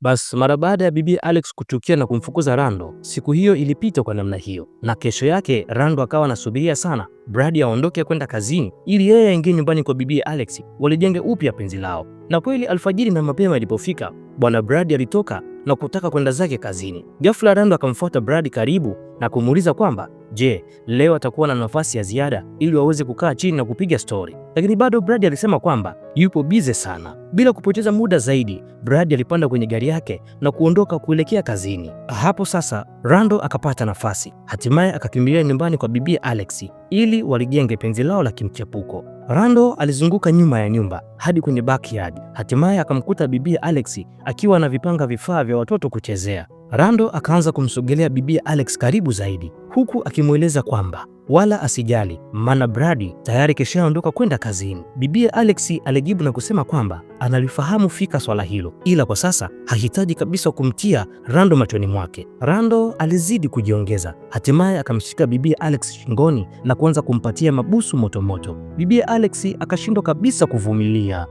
Basi mara baada ya bibi Alex kuchukia na kumfukuza Rando, siku hiyo ilipita kwa namna hiyo, na kesho yake Rando akawa anasubiria sana Brad aondoke kwenda kazini ili yeye aingie nyumbani kwa bibi Alex walijenge upya penzi lao. Na kweli alfajiri na mapema ilipofika, bwana Brad alitoka na kutaka kwenda zake kazini. Ghafla Rando akamfuata Brad karibu na kumuuliza kwamba je, leo atakuwa na nafasi ya ziada ili waweze kukaa chini na kupiga stori, lakini bado Brad alisema kwamba yupo bize sana. Bila kupoteza muda zaidi, Brad alipanda kwenye gari yake na kuondoka kuelekea kazini. Hapo sasa Rando akapata nafasi, hatimaye akakimbilia nyumbani kwa bibia Alexi ili walijenge penzi lao la kimchepuko. Rando alizunguka nyuma ya nyumba hadi kwenye backyard, hatimaye akamkuta bibia Alexi akiwa anavipanga vifaa vya watoto kuchezea. Rando akaanza kumsogelea bibia Alex karibu zaidi, huku akimweleza kwamba wala asijali, maana Brady tayari keshaondoka kwenda kazini. Bibia Alex alijibu na kusema kwamba analifahamu fika swala hilo, ila kwa sasa hahitaji kabisa kumtia Rando machoni mwake. Rando alizidi kujiongeza, hatimaye akamshika bibia Alex shingoni na kuanza kumpatia mabusu motomoto. Bibia Alex akashindwa kabisa kuvumilia.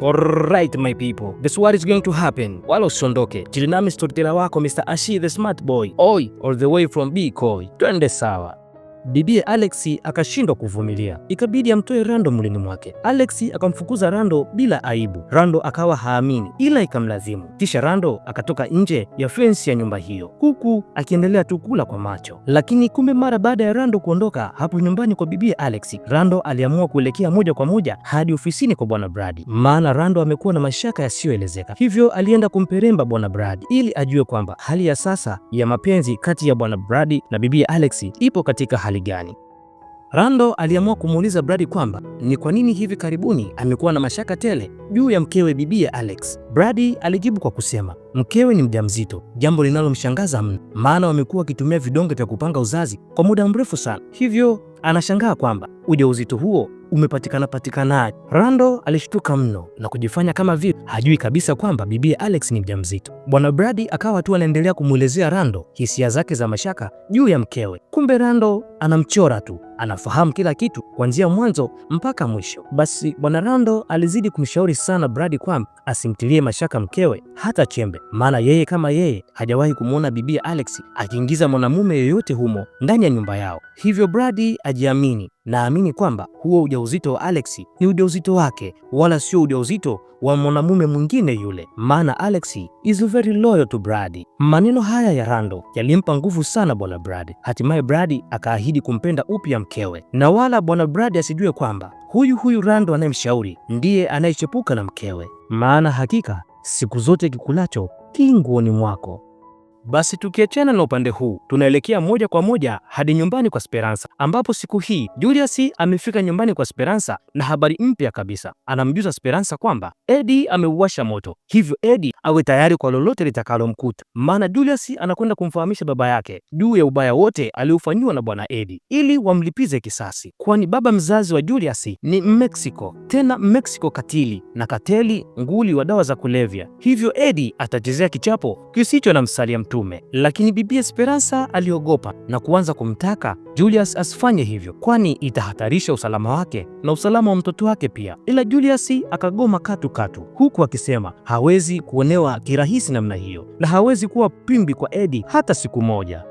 Alright my people, this what is going to happen. Wala usiondoke. Jilinami storyteller wako Mr. Ashi the smart boy. Oi, all the way from Big Koi. Twende sawa. Bibie Alex akashindwa kuvumilia, ikabidi amtoe Rando mlini mwake. Alex akamfukuza Rando bila aibu. Rando akawa haamini, ila ikamlazimu. Kisha Rando akatoka nje ya fensi ya nyumba hiyo, huku akiendelea tu kula kwa macho. Lakini kumbe mara baada ya Rando kuondoka hapo nyumbani kwa bibie Alex, Rando aliamua kuelekea moja kwa moja hadi ofisini kwa bwana Brad, maana Rando amekuwa na mashaka yasiyoelezeka. Hivyo alienda kumperemba bwana Brad ili ajue kwamba hali ya sasa ya mapenzi kati ya bwana Brad na bibie Alex ipo katika hali hali gani. Rando aliamua kumuuliza bradi kwamba ni kwa nini hivi karibuni amekuwa na mashaka tele juu ya mkewe bibia Alex. bradi alijibu kwa kusema mkewe ni mjamzito, jambo linalomshangaza mno, maana wamekuwa wakitumia vidonge vya kupanga uzazi kwa muda mrefu sana, hivyo anashangaa kwamba ujauzito huo umepatikana patikanaje? Rando alishtuka mno na kujifanya kama vile hajui kabisa kwamba bibi Alex ni mjamzito. Bwana Brady akawa tu anaendelea kumwelezea Rando hisia zake za mashaka juu ya mkewe. Kumbe Rando anamchora tu, anafahamu kila kitu kuanzia mwanzo mpaka mwisho. Basi bwana Rando alizidi kumshauri sana Brady kwamba asimtilie mashaka mkewe hata chembe, maana yeye kama yeye hajawahi kumwona bibi Alex akiingiza mwanamume yoyote humo ndani ya nyumba yao, hivyo Brady ajiamini Naamini kwamba huo ujauzito wa Alex ni ujauzito wake, wala sio ujauzito wa mwanamume mwingine yule, maana Alex is very loyal to Brady. Maneno haya ya Rando yalimpa nguvu sana bwana Brady. Hatimaye Brady akaahidi kumpenda upya mkewe, na wala bwana Brady asijue kwamba huyu huyu Rando anayemshauri ndiye anayechepuka na mkewe, maana hakika siku zote kikulacho kinguoni mwako. Basi tukiachana na upande huu, tunaelekea moja kwa moja hadi nyumbani kwa Speransa, ambapo siku hii Julius amefika nyumbani kwa Speransa na habari mpya kabisa. Anamjuza Speransa kwamba Eddie ameuwasha moto, hivyo Eddie awe tayari kwa lolote litakalomkuta, maana Julius anakwenda kumfahamisha baba yake juu ya ubaya wote aliofanyiwa na bwana Eddie ili wamlipize kisasi, kwani baba mzazi wa Julius ni Mexico, tena Mexico katili na kateli nguli wa dawa za kulevya, hivyo Eddie atachezea kichapo kisicho na msalia mtu mtume, lakini Bibi Esperanza aliogopa na kuanza kumtaka Julius asifanye hivyo, kwani itahatarisha usalama wake na usalama wa mtoto wake pia. Ila Julius akagoma katu katu, huku akisema hawezi kuonewa kirahisi namna hiyo na hawezi kuwa pimbi kwa Edi hata siku moja.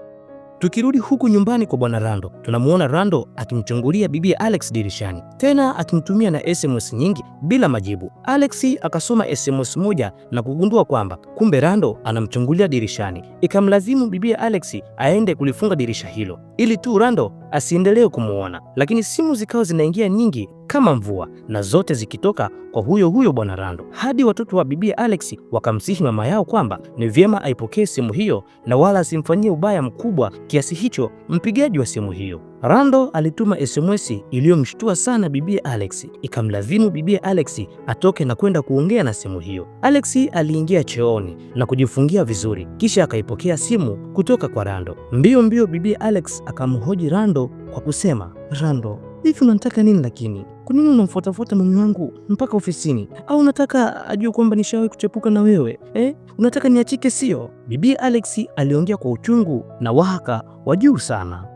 Tukirudi huku nyumbani kwa bwana Rando, tunamuona Rando akimchungulia bibi Alex dirishani, tena akimtumia na SMS nyingi bila majibu. Alex akasoma SMS moja na kugundua kwamba kumbe Rando anamchungulia dirishani, ikamlazimu bibi Alex aende kulifunga dirisha hilo ili tu Rando asiendelee kumuona, lakini simu zikawa zinaingia nyingi kama mvua, na zote zikitoka kwa huyo huyo bwana Rando, hadi watoto wa bibi Alex wakamsihi mama yao kwamba ni vyema aipokee simu hiyo na wala asimfanyie ubaya mkubwa kiasi hicho mpigaji wa simu hiyo. Rando alituma SMS iliyomshtua sana bibi Alex, ikamlazimu bibi Alex atoke na kwenda kuongea na simu hiyo. Alex aliingia chooni na kujifungia vizuri, kisha akaipokea simu kutoka kwa Rando. Mbio mbio bibi Alex akamhoji Rando kwa kusema, Rando, hivi unataka nini lakini? Kwa nini unamfuatafuata mume wangu mpaka ofisini? Au unataka ajue kwamba nishawahi kuchepuka na wewe eh? Unataka niachike sio? Bibi Alex aliongea kwa uchungu na wahaka wa juu sana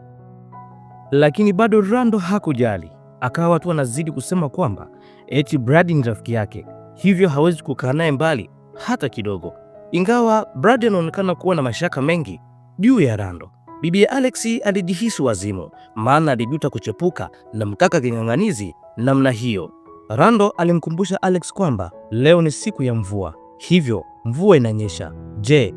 lakini bado Rando hakujali, akawa tu anazidi kusema kwamba eti Brad ni rafiki yake, hivyo hawezi kukaa naye mbali hata kidogo. Ingawa Brad anaonekana kuwa na mashaka mengi juu ya Rando, bibi Alex alijihisi wazimu, maana alijuta kuchepuka na mkaka king'ang'anizi namna hiyo. Rando alimkumbusha Alex kwamba leo ni siku ya mvua, hivyo mvua inanyesha. Je,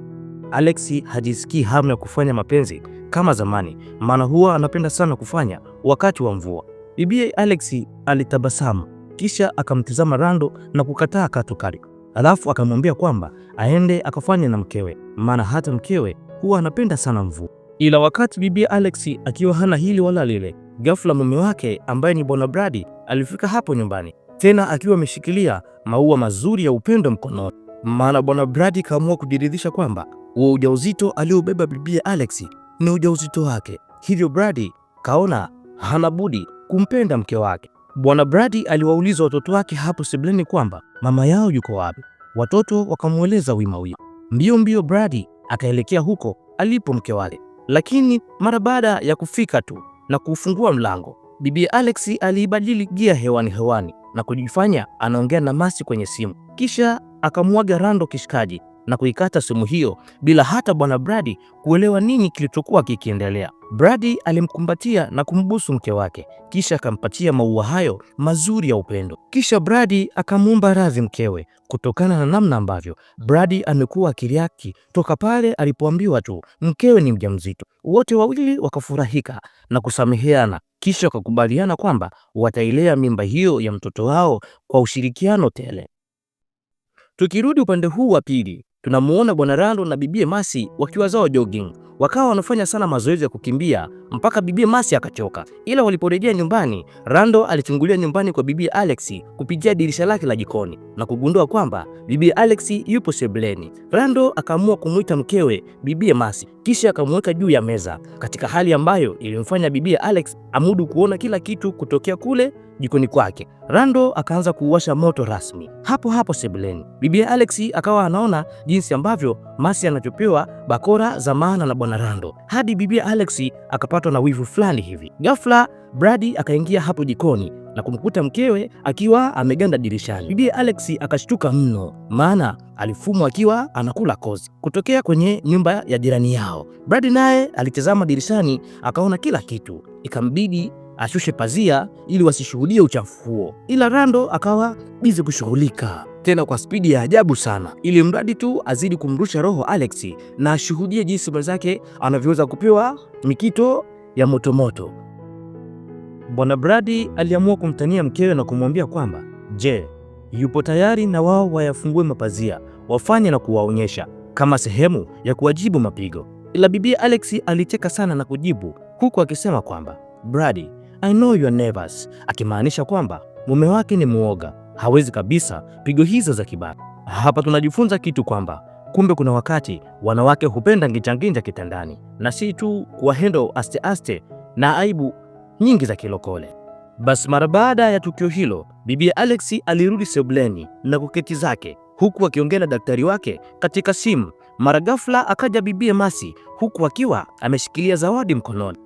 Alex hajisikii hamu ya kufanya mapenzi kama zamani, maana huwa anapenda sana kufanya wakati wa mvua. Bibi Alex alitabasamu kisha akamtizama Rando na kukataa katukari, alafu akamwambia kwamba aende akafanye na mkewe, maana hata mkewe huwa anapenda sana mvua. Ila wakati Bibi Alex akiwa hana hili wala lile, ghafla mume wake ambaye ni Bwana Brady alifika hapo nyumbani, tena akiwa ameshikilia maua mazuri ya upendo mkononi, maana Bwana Brady kaamua kujiridhisha kwamba wa ujauzito aliobeba Bibi Alex ni ujauzito wake, hivyo Brady kaona hana budi kumpenda mke wake. Bwana Brady aliwauliza watoto wake hapo sebleni kwamba mama yao yuko wapi. Watoto wakamweleza wima wima. Mbio mbio Brady akaelekea huko alipo mke wake, lakini mara baada ya kufika tu na kuufungua mlango, bibi Alex aliibadili gia hewani hewani na kujifanya anaongea na Masi kwenye simu, kisha akamwaga rando kishikaji na kuikata simu hiyo bila hata bwana Brady kuelewa nini kilichokuwa kikiendelea. Brady alimkumbatia na kumbusu mke wake, kisha akampatia maua hayo mazuri ya upendo. Kisha Brady akamwomba radhi mkewe kutokana na namna ambavyo Brady amekuwa akiriaki toka pale alipoambiwa tu mkewe ni mjamzito. Wote wawili wakafurahika na kusameheana, kisha wakakubaliana kwamba watailea mimba hiyo ya mtoto wao kwa ushirikiano tele. Tukirudi upande huu wa pili, tunamuona Bwana Rando na bibie Masi wakiwa zao jogging, wakawa wanafanya sana mazoezi ya kukimbia mpaka bibie masi akachoka. Ila waliporejea nyumbani, Rando alichungulia nyumbani kwa bibi alexi kupitia dirisha lake la jikoni na kugundua kwamba bibie alexi yupo sebuleni. Rando akaamua kumwita mkewe bibie masi kisha akamweka juu ya meza katika hali ambayo ilimfanya bibi Alex amudu kuona kila kitu kutokea kule jikoni kwake. Rando akaanza kuuwasha moto rasmi hapo hapo sebuleni. Bibi Alexi akawa anaona jinsi ambavyo masi anachopewa bakora za maana na bwana Rando hadi bibi Alexi akapata alipatwa na wivu fulani hivi. Ghafla Brady akaingia hapo jikoni na kumkuta mkewe akiwa ameganda dirishani. Bibi Alex akashtuka mno, maana alifumwa akiwa anakula kozi kutokea kwenye nyumba ya jirani yao. Brady naye alitazama dirishani akaona kila kitu, ikambidi ashushe pazia ili wasishuhudie uchafu huo, ila Rando akawa bizi kushughulika tena kwa spidi ya ajabu sana, ili mradi tu azidi kumrusha roho Alex na ashuhudie jinsi mwenzake anavyoweza kupewa mikito ya motomoto. Bwana Brady aliamua kumtania mkewe na kumwambia kwamba je, yupo tayari na wao wayafungue mapazia wafanye na kuwaonyesha kama sehemu ya kuwajibu mapigo. Ila bibi Alex alicheka sana na kujibu huku akisema kwamba Brady, I know you are nervous, akimaanisha kwamba mume wake ni muoga, hawezi kabisa pigo hizo za kibaka. Hapa tunajifunza kitu kwamba Kumbe kuna wakati wanawake hupenda nginjanginja kitandani, na si tu hendo aste aste na aibu nyingi za kilokole. Basi mara baada ya tukio hilo, bibi Alex alirudi sebleni na kuketi zake, huku akiongea na daktari wake katika simu. Mara ghafla akaja bibie Masi, huku akiwa ameshikilia zawadi mkononi.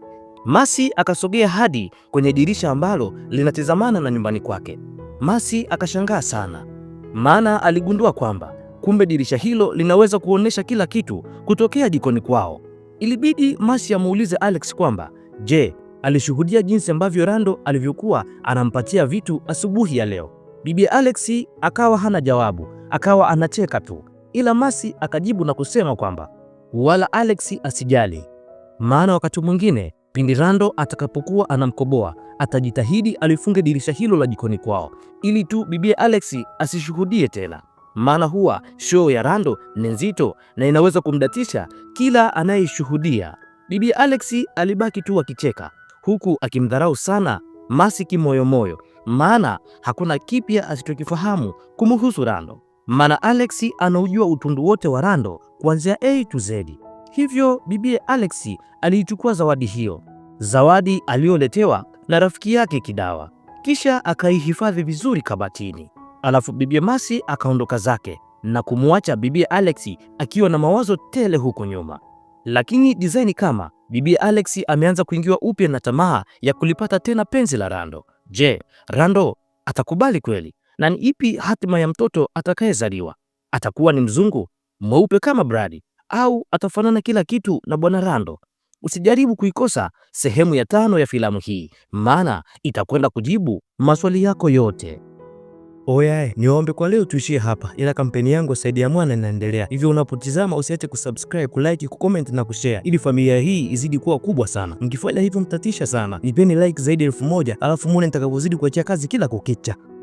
Masi akasogea hadi kwenye dirisha ambalo linatizamana na nyumbani kwake. Masi akashangaa sana, maana aligundua kwamba Kumbe dirisha hilo linaweza kuonyesha kila kitu kutokea jikoni kwao. Ilibidi masi amuulize Alex kwamba je, alishuhudia jinsi ambavyo Rando alivyokuwa anampatia vitu asubuhi ya leo. Bibi Alex akawa hana jawabu, akawa anacheka tu, ila masi akajibu na kusema kwamba wala Alex asijali, maana wakati mwingine pindi Rando atakapokuwa anamkoboa atajitahidi alifunge dirisha hilo la jikoni kwao ili tu bibi Alex asishuhudie tena maana huwa show ya Rando ni nzito na inaweza kumdatisha kila anayeshuhudia. Bibi Alexi alibaki tu akicheka huku akimdharau sana masiki moyomoyo maana hakuna kipya asichokifahamu kumuhusu Rando, maana Alexi anaujua utundu wote wa Rando kuanzia A to Z. Hivyo bibi alexi aliichukua zawadi hiyo, zawadi aliyoletewa na rafiki yake Kidawa, kisha akaihifadhi vizuri kabatini. Alafu Bibi masi akaondoka zake na kumwacha Bibi Alexi akiwa na mawazo tele huko nyuma. Lakini design kama Bibi Alex ameanza kuingiwa upya na tamaa ya kulipata tena penzi la Rando. Je, Rando atakubali kweli? Na ni ipi hatima ya mtoto atakayezaliwa? Atakuwa ni mzungu mweupe kama Bradi au atafanana kila kitu na Bwana Rando? Usijaribu kuikosa sehemu ya tano ya filamu hii, maana itakwenda kujibu maswali yako yote. Oyae, niombe kwa leo tuishie hapa, ila kampeni yangu Saidi ya Mwana inaendelea, hivyo unapotizama usiache kusubscribe, kulike, kucomment na kushare ili familia hii izidi kuwa kubwa sana. Mkifanya hivyo mtatisha sana. Nipeni like zaidi elfu moja alafu muone nitakapozidi kuachia kazi kila kukicha.